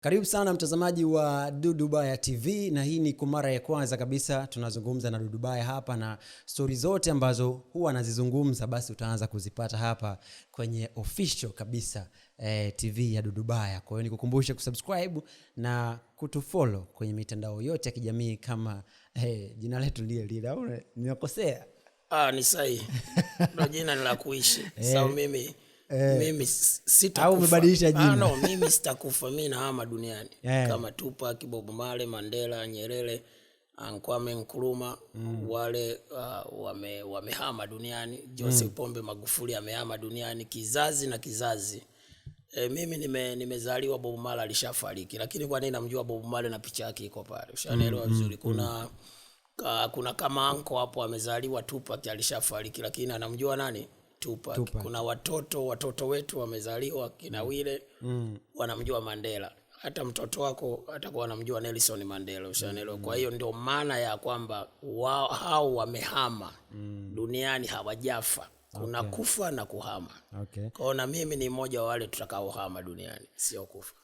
Karibu sana mtazamaji wa Dudubaya TV na hii ni kwa mara ya kwanza kabisa tunazungumza na Dudubaya hapa, na stori zote ambazo huwa anazizungumza basi utaanza kuzipata hapa kwenye official kabisa eh, TV ya Dudubaya. Kwa hiyo nikukumbushe kusubscribe na kutufollow kwenye mitandao yote ya kijamii kama eh, jina letu lile lile au nimekosea? Ah, ni sahihi. Ndio jina la kuishi. Eh. Sawa mimi Eh. Mimi sitakufa. Au umebadilisha ah, jina? sitakufa nahama duniani. yeah. Kama tupa Bob Marley, Mandela, Nyerere, ankwame nkuruma mm. wale uh, wame, wamehama duniani. jose mm. Pombe Magufuli amehama duniani kizazi na kizazi. E, mimi nimezaliwa nime bobumala alishafariki, lakini kwa nini namjua Bob na picha yake iko pale. Mm, mm, vizuri mm kuna mm. Kuna kuna kama anko hapo amezaliwa Tupac alishafariki, lakini anamjua nani? Tupac. Tupac. Kuna watoto watoto wetu wamezaliwa kina mm. Wile mm. wanamjua Mandela, hata mtoto wako atakuwa anamjua Nelson Mandela, ushanelewa mm. Kwa hiyo ndio maana ya kwamba wao hao wamehama mm. duniani, hawajafa kuna okay. kufa na kuhama okay. Kwao na mimi ni mmoja wa wale tutakaohama duniani, sio kufa.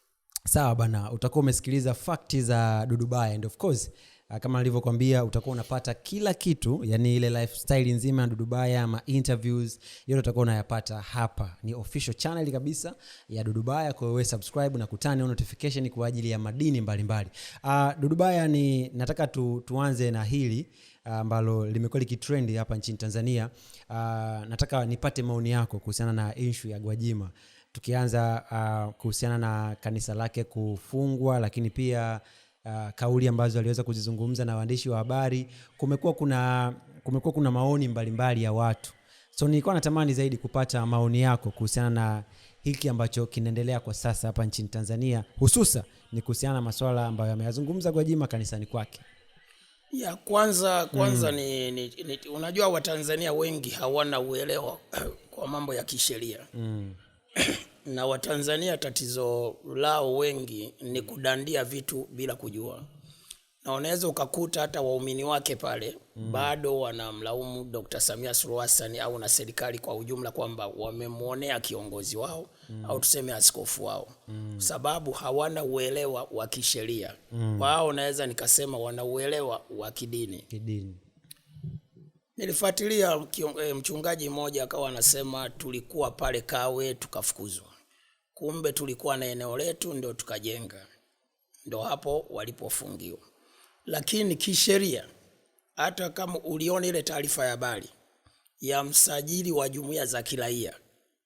Sawa bana, utakuwa umesikiliza fakti za dudubaya and of course Ah, kama nilivyokuambia utakuwa unapata kila kitu yani ile lifestyle nzima ya dudubaya ma interviews yote utakuwa unayapata hapa ni official channel kabisa ya dudubaya kwa wewe subscribe na kutane on notification kwa ajili ya madini mbalimbali mbali. uh, dudubaya ni nataka tu, tuanze na hili ah, ambalo uh, limekuwa likitrendi hapa nchini tanzania uh, nataka nipate maoni yako kuhusiana na issue ya gwajima tukianza uh, kuhusiana na kanisa lake kufungwa lakini pia uh, kauli ambazo aliweza kuzizungumza na waandishi wa habari. Kumekuwa kuna, kumekuwa kuna maoni mbalimbali mbali ya watu, so nilikuwa natamani zaidi kupata maoni yako kuhusiana na hiki ambacho kinaendelea kwa sasa hapa nchini Tanzania, hususa ni kuhusiana na masuala ambayo ameyazungumza Gwajima kanisani kwake. Ya kwanza kwanza mm. ni, ni, ni unajua Watanzania wengi hawana uelewa kwa mambo ya kisheria mm. na Watanzania tatizo lao wengi ni kudandia vitu bila kujua, na unaweza ukakuta hata waumini wake pale mm. bado wanamlaumu Dr. Samia Suluhu Hassan au na serikali kwa ujumla kwamba wamemwonea kiongozi wao mm. au tuseme askofu wao mm. sababu hawana uelewa wa kisheria mm. wao naweza nikasema wana uelewa wa kidini, kidini. Nilifuatilia eh, mchungaji mmoja akawa anasema tulikuwa pale Kawe tukafukuzwa kumbe tulikuwa na eneo letu ndo tukajenga, ndo hapo walipofungiwa. Lakini kisheria, hata kama uliona ile taarifa ya habari ya msajili wa jumuiya za kiraia,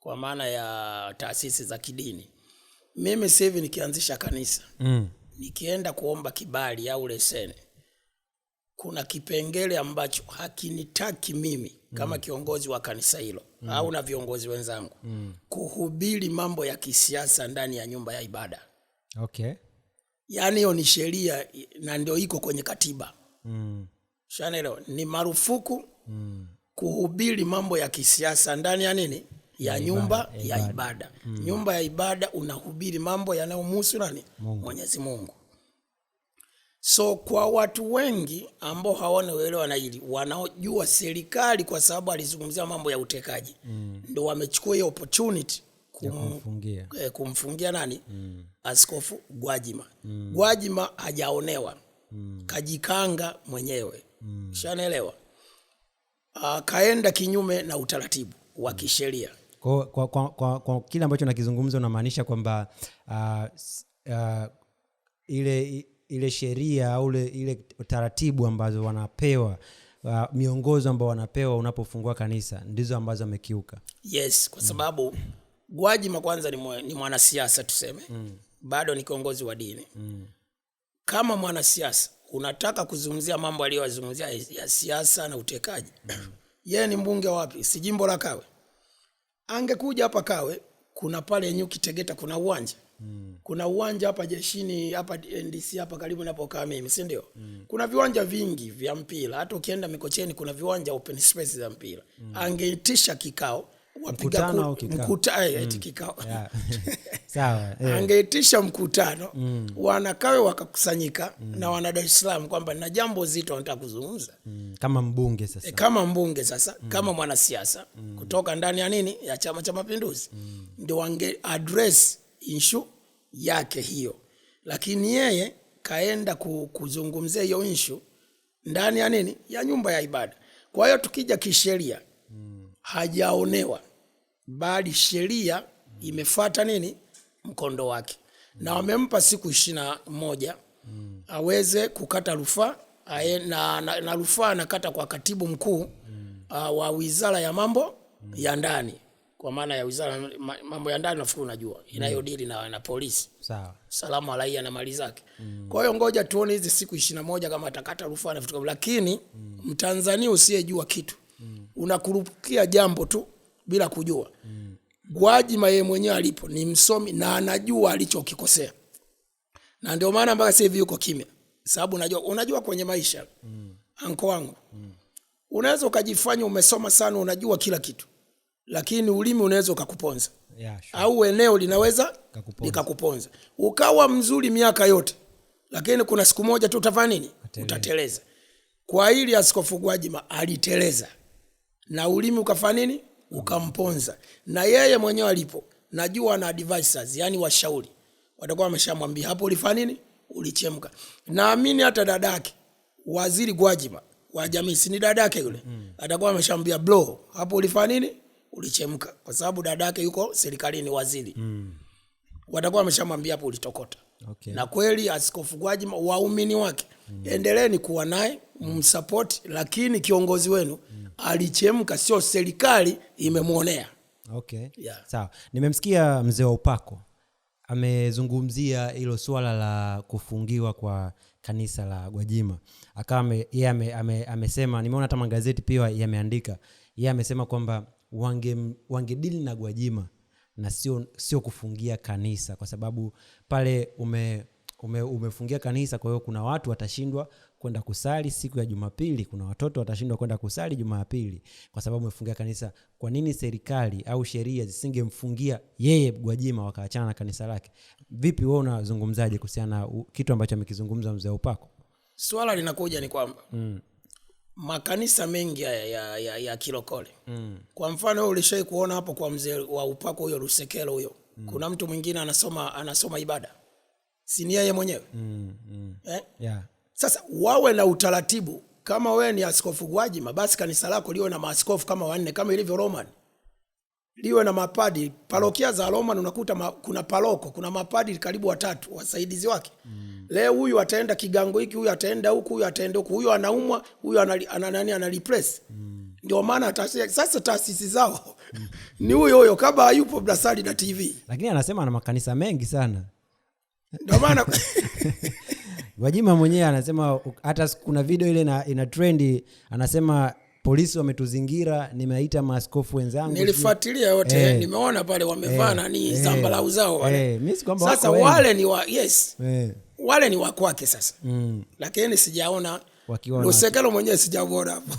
kwa maana ya taasisi za kidini, mimi sasa nikianzisha kanisa mm. nikienda kuomba kibali au leseni kuna kipengele ambacho hakinitaki mimi kama mm. kiongozi wa kanisa hilo mm. au na viongozi wenzangu mm. kuhubiri mambo ya kisiasa ndani ya nyumba ya ibada. Okay. Yaani hiyo ni sheria na ndio iko kwenye katiba mm. Shanelo, ni marufuku mm. kuhubiri mambo ya kisiasa ndani ya nini ya, ya nyumba ibada, ya ibada, ibada. Mm. Nyumba ya ibada unahubiri mambo yanayomhusu nani? Mwenyezi Mungu. So kwa watu wengi ambao hawana uelewa na hili, wanaojua serikali, kwa sababu alizungumzia mambo ya utekaji mm. ndo wamechukua hiyo opportunity kum, kumfungia. Eh, kumfungia nani mm. Askofu Gwajima mm. Gwajima hajaonewa mm. kajikanga mwenyewe mm. shanaelewa, akaenda ah, kinyume na utaratibu wa mm. kisheria kwa, kwa, kwa, kwa, kwa kile ambacho nakizungumza unamaanisha kwamba uh, uh, ile ile sheria au ile taratibu ambazo wanapewa uh, miongozo ambao wanapewa unapofungua kanisa ndizo ambazo amekiuka yes kwa mm. sababu mm. gwajima kwanza ni, mwe, ni mwanasiasa tuseme mm. bado ni kiongozi wa dini mm. kama mwanasiasa unataka kuzungumzia mambo aliyoyazungumzia ya siasa na utekaji mm. yeye ni mbunge wapi si jimbo la kawe angekuja hapa kawe kuna pale nyuki tegeta kuna uwanja mm Mm. Kuna uwanja hapa jeshini hapa NDC hapa karibu napokaa mimi, si ndio? Mm. Kuna viwanja vingi vya mpira. Hata ukienda Mikocheni kuna viwanja open space za mpira. Mm. Angeitisha kikao wapiga mkuta eh, mm. kikao. Eh. Angeitisha mkutano mm. wanakawe wakakusanyika mm. na wana Dar es Salaam kwamba na jambo zito wanataka kuzungumza. Mm. Kama mbunge sasa. E, kama mbunge sasa, mm. kama mwanasiasa mm. kutoka ndani ya nini? Ya Chama cha Mapinduzi. Mm. Ndio wange address inshu yake hiyo, lakini yeye kaenda kuzungumzia hiyo inshu ndani ya nini ya nyumba ya ibada. Kwa hiyo tukija kisheria hmm. hajaonewa bali sheria hmm. imefuata nini mkondo wake hmm. na wamempa siku ishirini na moja hmm. aweze kukata rufaa na, na, na rufaa anakata kwa katibu mkuu mm. uh, wa wizara ya mambo ya ndani kwa maana ya wizara mambo ya ndani, nafikiri unajua inayodili mm. na, na polisi sawa, salama raia na mali zake mm. Kwa hiyo ngoja tuone hizi siku ishirini na moja kama atakata rufaa na vitu, lakini mm. Mtanzania usiyejua kitu mm. unakurupukia jambo tu bila kujua mm. Gwajima yeye mwenyewe alipo ni msomi na anajua alichokikosea, na ndio maana mpaka sasa hivi yuko kimya, sababu unajua, unajua kwenye maisha mm. anko wangu mm. unaweza ukajifanya umesoma sana, unajua kila kitu lakini ulimi unaweza ukakuponza yeah, sure. au eneo linaweza likakuponza ukawa mzuri miaka yote, lakini kuna siku moja tu utafanya nini? Utateleza. Kwa hili Askofu Gwajima aliteleza na ulimi ukafanya nini? Ukamponza. Na yeye mwenyewe alipo, najua na advisors, yani washauri watakuwa wameshamwambia hapo, ulifanya nini? Ulichemka. Naamini hata dadake Waziri Gwajima wa jamii, si ni dadake yule, atakuwa ameshamwambia bro, hapo ulifanya nini? ulichemka, kwa sababu dada yake yuko serikalini waziri mm. watakuwa wameshamwambia hapo ulitokota. Okay. Na kweli Askofu Gwajima waumini wake mm. endeleni kuwa naye msapoti, lakini kiongozi wenu mm. alichemka, sio serikali imemwonea. Okay. Yeah. Sawa, nimemsikia mzee wa upako amezungumzia hilo suala la kufungiwa kwa kanisa la Gwajima akawa yeye amesema, nimeona hata magazeti pia yameandika, yeye amesema kwamba wangedili wange na Gwajima na sio, sio kufungia kanisa, kwa sababu pale ume, ume, umefungia kanisa. Kwa hiyo kuna watu watashindwa kwenda kusali siku ya Jumapili, kuna watoto watashindwa kwenda kusali Jumapili kwa sababu umefungia kanisa. Kwa nini serikali au sheria zisingemfungia yeye Gwajima wakaachana na kanisa lake? Vipi wewe unazungumzaje kuhusiana na kitu ambacho amekizungumza mzee Upako? Swala linakuja ni kwamba mm makanisa mengi ya, ya, ya, ya kirokole mm. Kwa mfano ulishai kuona hapo kwa mzee wa upako huyo rusekelo huyo mm. Kuna mtu mwingine anasoma anasoma ibada, si ni yeye mwenyewe mm. Mm. Eh? Yeah. Sasa wawe na utaratibu kama wewe ni askofu Gwajima, basi kanisa lako liwe na maaskofu kama wanne kama ilivyo Roman liwe na mapadi parokia za Roma, unakuta ma, kuna paroko kuna mapadi karibu watatu wasaidizi wake mm. Leo huyu ataenda kigango hiki, huyu ataenda huku, huyu ataenda huku, huyu anaumwa, huyu ana ana analipress mm. Ndio maana sasa taasisi zao mm. ni huyo huyo kama hayupo brasari na TV, lakini anasema ana makanisa mengi sana, ndio maana Gwajima mwenyewe anasema hata kuna video ile ina, ina trendi anasema polisi wametuzingira, nimeaita maaskofu wenzangu, nilifuatilia wote hey. Eh. Nimeona pale wamevaa hey. Eh. nani hey. Eh. zambalau zao wale hey. Sasa wale ni wa, yes hey. wale ni wakwake sasa mm. Lakini sijaona usekelo mwenyewe sijaona hapo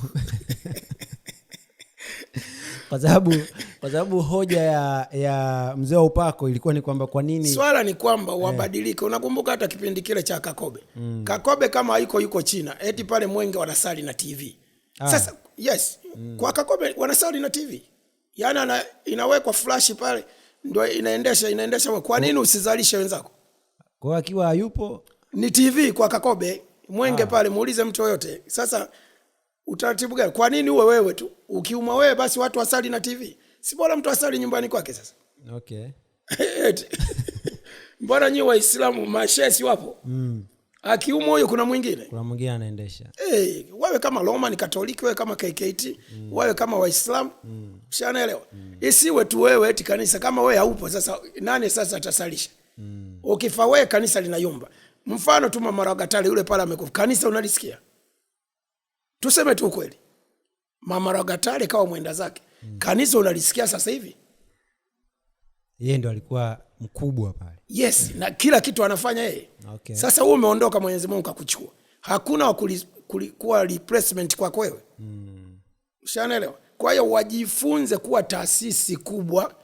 kwa sababu kwa sababu hoja ya, ya mzee wa upako ilikuwa ni kwamba kwa nini swala ni kwamba wabadilike. Unakumbuka hata kipindi kile cha Kakobe mm. Kakobe kama yuko yuko China eti pale Mwenge wanasali na TV ah. Sasa yes mm. kwa Kakome wanasali na TV yani ana, inawekwa flash pale ndo inaendesha inaendesha. Kwa nini usizalishe wenzako? Kwa akiwa hayupo ni TV kwa Kakobe Mwenge ah. pale muulize mtu yoyote. Sasa utaratibu gani? Kwa nini uwe wewe tu? Ukiumwa wewe basi watu wasali na TV, si bora mtu asali nyumbani kwake? Sasa okay mbona nyi Waislamu mashesi wapo mm akiumo huyo kuna mwingine kuna mwingine anaendesha hey, eh, wewe kama Roman Katoliki wewe kama KKT mm. wewe kama waislam mm. shanaelewa mm. isiwe tu wewe eti kanisa kama wewe haupo sasa nani sasa atasalisha mm. ukifa wewe kanisa linayumba mfano tu Mama Rwagatare yule pale amekufa kanisa unalisikia tuseme tu kweli Mama Rwagatare kawa mwenda zake mm. kanisa unalisikia sasa hivi yeye ndo alikuwa mkubwa pale. Yes, na kila kitu anafanya yeye. Okay. Sasa wewe umeondoka, Mwenyezi Mungu kakuchukua. Hakuna wakuwa replacement kwako wewe. Mm. Ushanaelewa? Kwa hiyo wajifunze kuwa taasisi kubwa,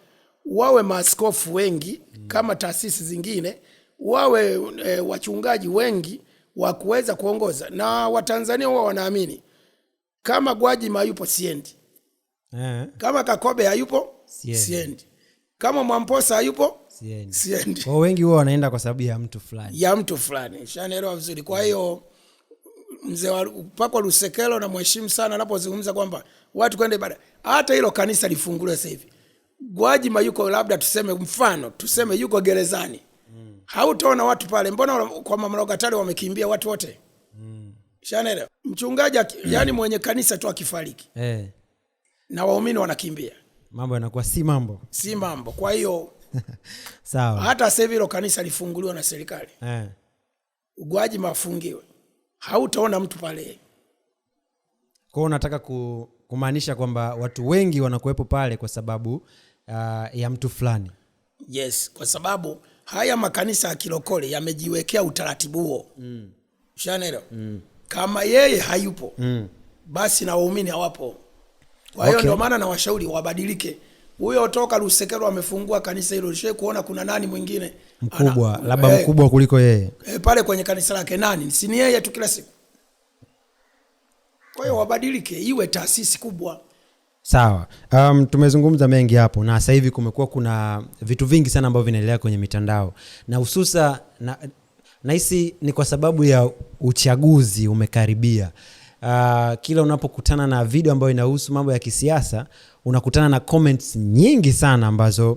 wawe maaskofu wengi mm. kama taasisi zingine, wawe e, wachungaji wengi wa kuweza kuongoza. Na Watanzania huwa wanaamini kama Gwajima hayupo siendi. Eh. Kama Kakobe hayupo siendi. Kama Mwamposa hayupo siendi, siendi. Kwa wengi huwa wanaenda kwa sababu ya mtu fulani ya mtu fulani, shanaelewa vizuri. Kwa hiyo mzee wa pakwa Lusekelo na mheshimu sana anapozungumza kwamba watu kwenda ibada, hata hilo kanisa lifungulwe sasa hivi. Gwajima yuko labda, tuseme mfano, tuseme yuko gerezani mm. hautaona watu pale. Mbona kwa mamlaka tale wamekimbia watu wote mm. shanaelewa mchungaji mm. yani mwenye kanisa tu akifariki eh. na waumini wanakimbia, mambo yanakuwa si mambo, si mambo. Kwa hiyo Sawa. Hata sasa hivi kanisa lifunguliwa na serikali eh, ugwaji mafungiwe, hautaona mtu pale. Kwa hiyo unataka ku, kumaanisha kwamba watu wengi wanakuwepo pale kwa sababu uh, ya mtu fulani? Yes, kwa sababu haya makanisa ya kilokole yamejiwekea utaratibu huo mm. Shanaelewa mm. Kama yeye hayupo mm. basi na waumini hawapo. Kwa hiyo okay. Ndio maana nawashauri wabadilike huyo toka Lusekero amefungua kanisa hilo, lishe kuona kuna nani mwingine mkubwa, labda mkubwa eh. mkubwa kuliko yeye hey, eh, pale kwenye kanisa lake nani? Si ni yeye tu kila siku. Kwa hiyo eh. wabadilike, iwe taasisi kubwa. Sawa. Um, tumezungumza mengi hapo na sasa hivi kumekuwa kuna vitu vingi sana ambavyo vinaendelea kwenye mitandao na hususa na nahisi ni kwa sababu ya uchaguzi umekaribia uh, kila unapokutana na video ambayo inahusu mambo ya kisiasa unakutana na comments nyingi sana ambazo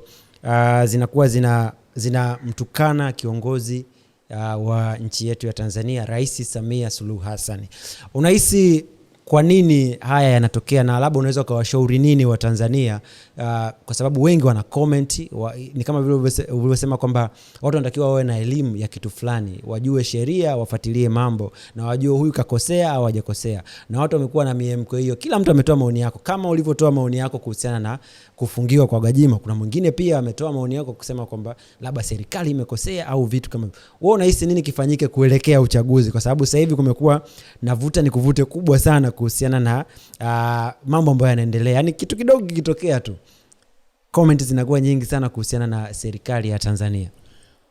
uh, zinakuwa zina zinamtukana kiongozi uh, wa nchi yetu ya Tanzania Rais Samia Suluhu Hassan. Unahisi kwa nini haya yanatokea na labda unaweza ukawashauri nini Watanzania uh, kwa sababu wengi wana comment wa, ni kama vile ulivyosema kwamba watu wanatakiwa wawe na elimu ya kitu fulani, wajue sheria, wafuatilie mambo na wajue huyu kakosea au hajakosea, na watu wamekuwa na miemko hiyo. Kila mtu ametoa maoni yako, kama ulivyotoa maoni yako kuhusiana na kufungiwa kwa gajima kuna mwingine pia ametoa maoni yako kusema kwamba labda serikali imekosea au vitu kama Wewe unahisi nini kifanyike kuelekea uchaguzi, kwa sababu sasa hivi kumekuwa na vuta ni kuvute kubwa sana kuhusiana na uh, mambo ambayo yanaendelea yaani kitu kidogo kikitokea tu comment zinakuwa nyingi sana kuhusiana na serikali ya tanzania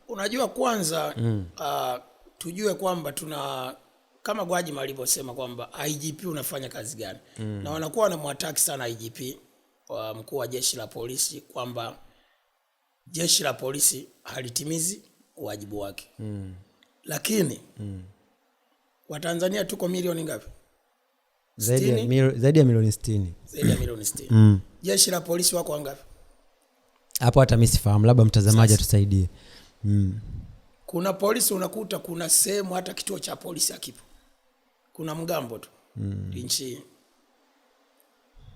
unajua kwanza mm. uh, tujue kwamba tuna kama Gwajima alivyosema kwamba IGP unafanya kazi gani mm. na wanakuwa wanamwataki sana IGP wa mkuu wa jeshi la polisi kwamba jeshi la polisi halitimizi wajibu wake mm. lakini mm. Watanzania tuko milioni ngapi? zaidi ya milioni 60. ya milioni mm. Jeshi la polisi wako wangapi? Hapo hata mimi sifahamu, labda mtazamaji atusaidie. Mm. Kuna polisi unakuta kuna sehemu hata kituo cha polisi akipo Kuna mgambo tu. Mm. Nchi.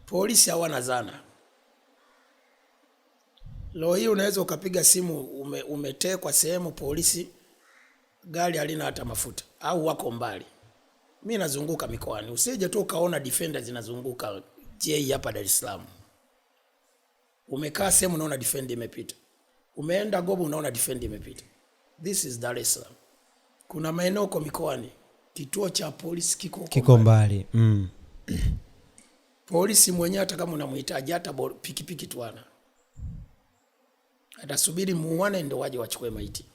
Polisi hawana zana. lo hii unaweza ukapiga simu ume, sehemu polisi, gari halina hata mafuta au wako mbali mi nazunguka mikoani, usije tu ukaona defender zinazunguka je hapa Dar es Salaam. Umekaa sehemu unaona defender imepita, umeenda Gobo unaona defender imepita. This is Dar es Salaam. Kuna maeneo kwa mikoani, kituo cha polisi kiko kiko mbali mm. polisi mwenyewe hata kama unamhitaji hata pikipiki tu ana atasubiri muone ndio waje wachukue maiti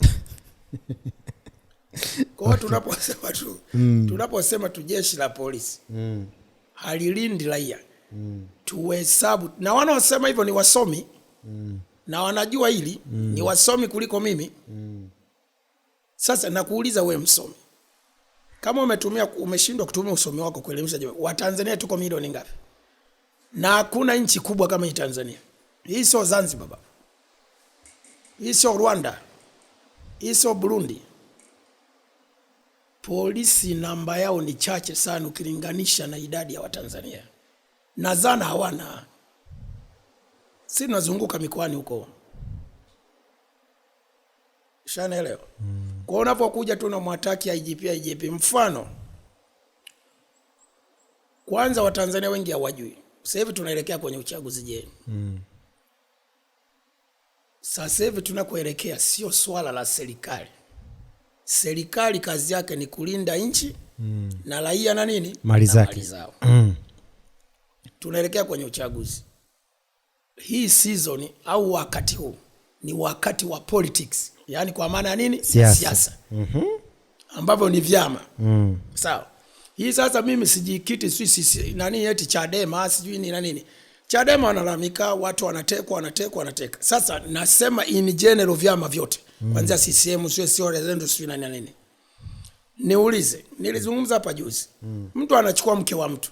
Kwa hiyo tunaposema tu mm. tunaposema tu jeshi la polisi mm. halilindi raia mm. tuhesabu, na wanaosema hivyo ni wasomi mm. na wanajua hili mm. ni wasomi kuliko mimi mm. Sasa nakuuliza we msomi, kama umetumia umeshindwa kutumia usomi wako kuelimisha jamii, Watanzania tuko milioni ngapi? Na hakuna nchi kubwa kama hii Tanzania. Hii sio Zanzibar baba, hii sio Rwanda, hii sio Burundi polisi namba yao ni chache sana ukilinganisha na idadi ya Watanzania na zana hawana. Si tunazunguka mikoani huko, shanaelewa mm. Kwa unapokuja tu na mwataki IGP IGP, mfano kwanza, Watanzania wengi hawajui sasa hivi tunaelekea kwenye uchaguzi. Je, mm. sasa hivi tunakoelekea sio swala la serikali serikali kazi yake ni kulinda nchi mm. na raia na nini mali zake mm. tunaelekea kwenye uchaguzi hii season au wakati huu ni wakati wa politics yani kwa maana ya nini siasa mm -hmm. ambavyo ni vyama mm. sawa hii sasa mimi sijikiti si, si, si, nani eti chadema sijui ni na nini chadema wanalalamika watu wanatekwa wanatekwa wanateka sasa nasema in general vyama vyote Mm. kwanza CCM sio sio wazalendo sio nani nani. Niulize, nilizungumza hapa juzi. Mm. Mtu anachukua mke wa mtu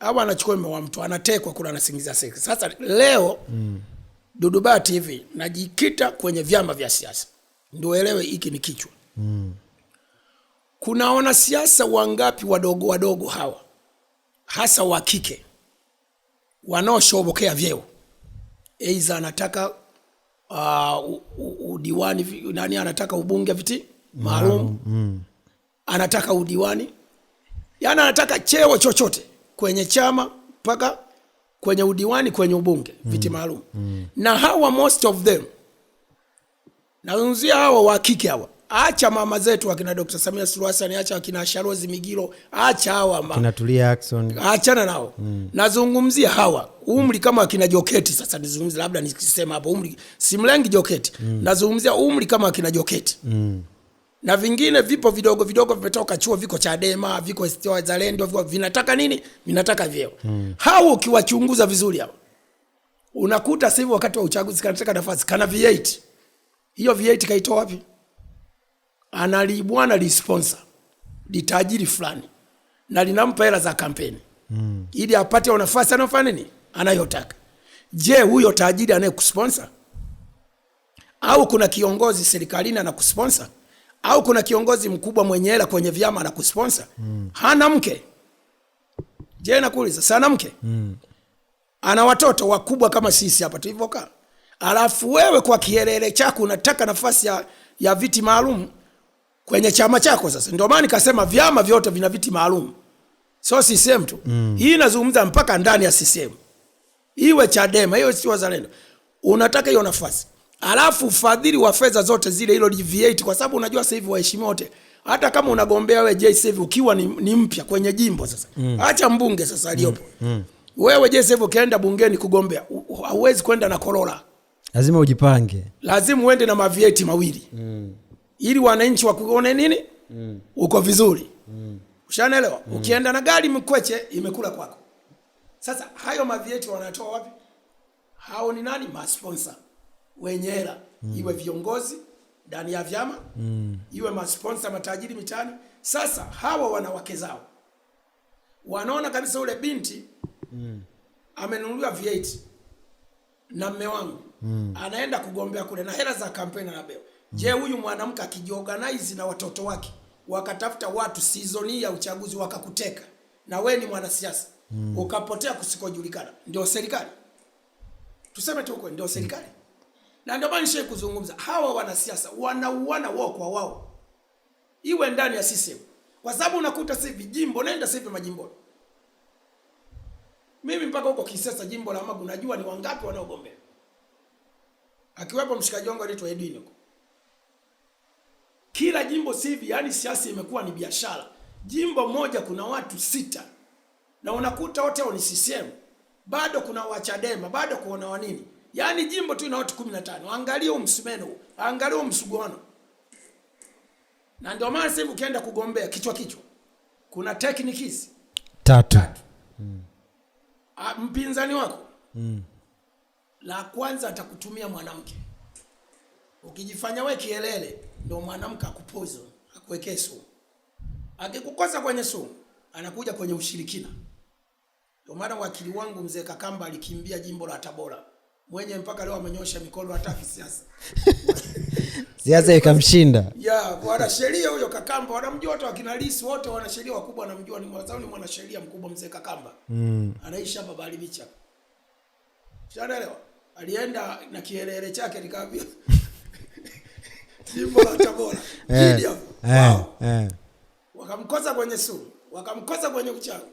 au anachukua mume wa mtu anatekwa kula singiza seksi. Sasa leo mm. Dudubaya TV najikita kwenye vyama vya siasa. Ndio elewe hiki ni kichwa. Mm. Kuna wanasiasa wangapi wadogo wadogo hawa hasa wa kike wanaoshobokea vyeo, aidha anataka uh, udiwani nani anataka ubunge viti maalum mm. anataka udiwani yani anataka cheo chochote kwenye chama mpaka kwenye udiwani kwenye ubunge mm. viti maalum mm. na hawa most of them nazungumzia hawa wa kike hawa acha mama zetu akina Dr. Samia Suluhu Hassan, acha akina Sharozi Migiro, acha hawa ma. akina Tulia Ackson, achana nao mm. Nazungumzia hawa umri mm. kama akina Joketi. Sasa nizungumzie labda nikisema hapo umri simlengi Joketi mm. Nazungumzia umri kama akina Joketi mm. na vingine vipo vidogo vidogo vimetoka chuo, viko Chadema, viko Wazalendo, viko vinataka nini, vinataka vyeo mm. Hao ukiwachunguza vizuri hao unakuta sasa hivi wakati wa uchaguzi kanataka nafasi kana V8 hiyo V8 kaitoa wapi? analibwa analibwana lisponsor litajiri fulani na linampa hela za kampeni mm. ili apate nafasi anayofanya nini anayotaka. Je, huyo tajiri anayekusponsor au kuna kiongozi serikalini anakusponsor au kuna kiongozi mkubwa mwenye hela kwenye vyama anakusponsor mm. hana mke? Je, nakuuliza sana mke mm. ana watoto wakubwa kama sisi hapa tulivyokaa, alafu wewe kwa kielele chako unataka nafasi ya, ya viti maalumu kwenye chama chako. Sasa ndio maana nikasema vyama vyote vina viti maalum, sio CCM tu mm. Hii inazungumza mpaka ndani ya CCM, iwe Chadema iwe si Wazalendo, unataka hiyo nafasi, alafu ufadhili wa fedha zote zile, hilo deviate, kwa sababu unajua sasa hivi waheshimiwa wote hata kama unagombea wewe JSV ukiwa ni, ni mpya kwenye jimbo sasa mm. acha mbunge sasa mm. aliyopo mm. mm. wewe JSV ukienda bungeni kugombea hauwezi kwenda na korola, lazima ujipange, lazima uende na mavieti mawili mm ili wananchi wakuone nini mm. uko vizuri mm. Ushanaelewa mm. Ukienda na gari mkweche imekula kwako. Sasa hayo mavieti wanatoa wapi? Hao ni nani? masponsa wenye hela mm. iwe viongozi ndani ya vyama mm. iwe masponsa matajiri mitaani. Sasa hawa wanawake zao wanaona kabisa ule binti mm. amenunuliwa vieti na mme wangu mm. anaenda kugombea kule na hela za kampeni anapewa Je, huyu mwanamke akijiorganize na watoto wake wakatafuta watu sizoni ya uchaguzi wakakuteka, na we ni mwanasiasa mm. ukapotea kusikojulikana, ndio serikali? Tuseme tu ukweli, ndio hmm. serikali mm. na ndio maana nishaye kuzungumza, hawa wanasiasa wanauana wao kwa wao, iwe ndani ya CCM, kwa sababu unakuta sasa hivi jimbo, nenda sasa hivi majimboni, mimi mpaka huko kisiasa, jimbo la Magu, najua ni wangapi wanaogombea, akiwepo mshikaji wangu anaitwa Edwin huko kila jimbo sivi, yani siasa imekuwa ni biashara. Jimbo moja kuna watu sita na unakuta wote ni CCM, bado kuna wachadema bado kuona wanini, yani jimbo tu ina watu 15. Angalia msumeno, angalia msuguano. Na ndio maana sasa ukienda kugombea kichwa kichwa kuna techniques tatu, tatu. Ah, mpinzani wako mm. La kwanza atakutumia mwanamke, ukijifanya we kielele ndio mwanamke akupozo akuwekee sumu. Akikukosa kwenye sumu, anakuja kwenye ushirikina. Ndio maana wakili wangu mzee Kakamba alikimbia jimbo la Tabora, mwenye mpaka leo amenyosha mikono, hata kisiasa siasa ikamshinda. Ya wanasheria huyo Kakamba wanamjua watu, wakina Lissu wote wanasheria wakubwa wanamjua, ni mwanzao, ni mwanasheria mkubwa mzee Kakamba mm. anaishi hapa Balibicha, Shanaelewa? Alienda na kielele chake nikaambia jimbo la Tabora Gideon, eh. eh, wow. eh. wakamkosa kwenye sumu, wakamkosa kwenye uchawi